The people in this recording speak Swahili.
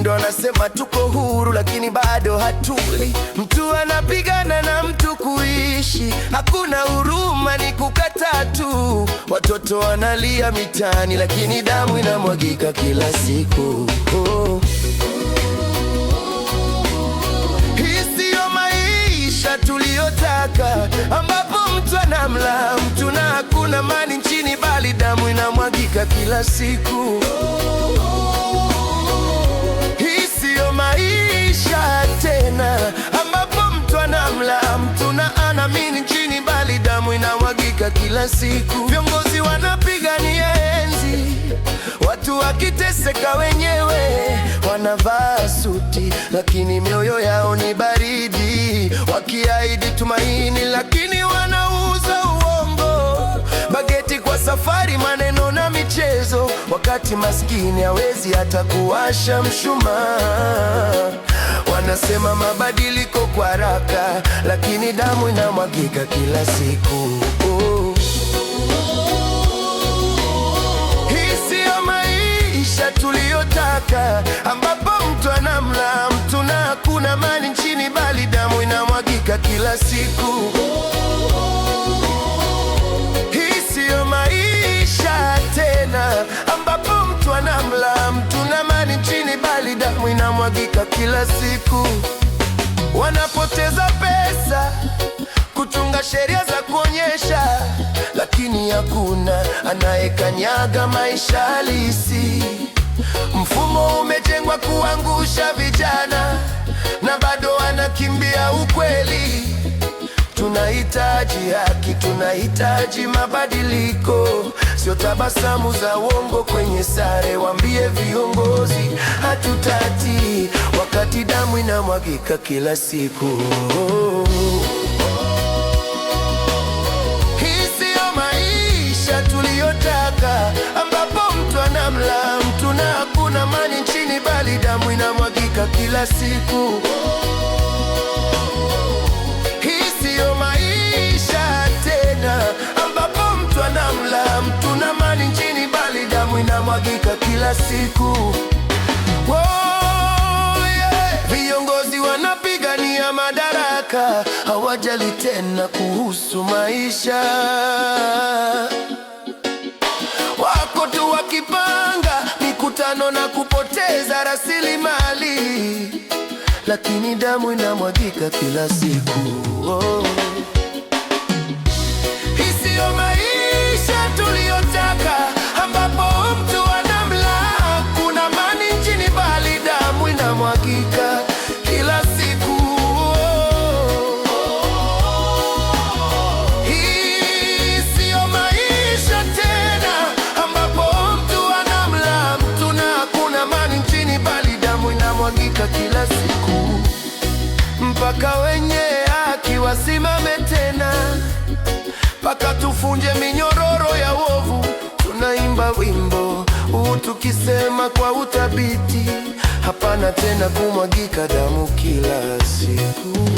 ndo anasema tuko huru, lakini bado hatuli. Mtu anapigana na mtu kuishi, hakuna huruma, ni kukata tu. Watoto wanalia mitaani, lakini damu inamwagika kila siku oh. tuliyotaka ambapo mtu anamla mtu na hakuna mani nchini, bali damu inamwagika kila siku. za kila siku. Viongozi wanapigania enzi, watu wakiteseka wenyewe. Wanavaa suti lakini mioyo yao ni baridi, wakiahidi tumaini lakini wanauza uongo. Bageti kwa safari, maneno na michezo, wakati maskini hawezi hata kuwasha mshumaa. Wanasema mabadiliko kwa haraka, lakini damu inamwagika kila siku. yanamwagika kila siku. Wanapoteza pesa kutunga sheria za kuonyesha, lakini hakuna anayekanyaga maisha halisi. Mfumo umejengwa kuangusha vijana na bado wanakimbia ukweli. Tunahitaji haki, tunahitaji mabadiliko, sio tabasamu za uongo kwenye sare. Waambie viongozi hatutati, wakati damu inamwagika kila siku. Hii siyo maisha tuliyotaka, ambapo mtu anamla mtu na hakuna amani nchini, bali damu inamwagika kila siku. kila siku oh, yeah. Viongozi wanapigania madaraka, hawajali tena kuhusu maisha, wako tu wakipanga mikutano na kupoteza rasilimali, lakini damu inamwagika kila siku oh. Hii siyo maisha tuliyo kumwangika kila siku, mpaka wenye haki wasimame tena, mpaka tufunje minyororo ya uovu. Tunaimba wimbo huu tukisema kwa uthabiti, hapana tena kumwagika damu kila siku.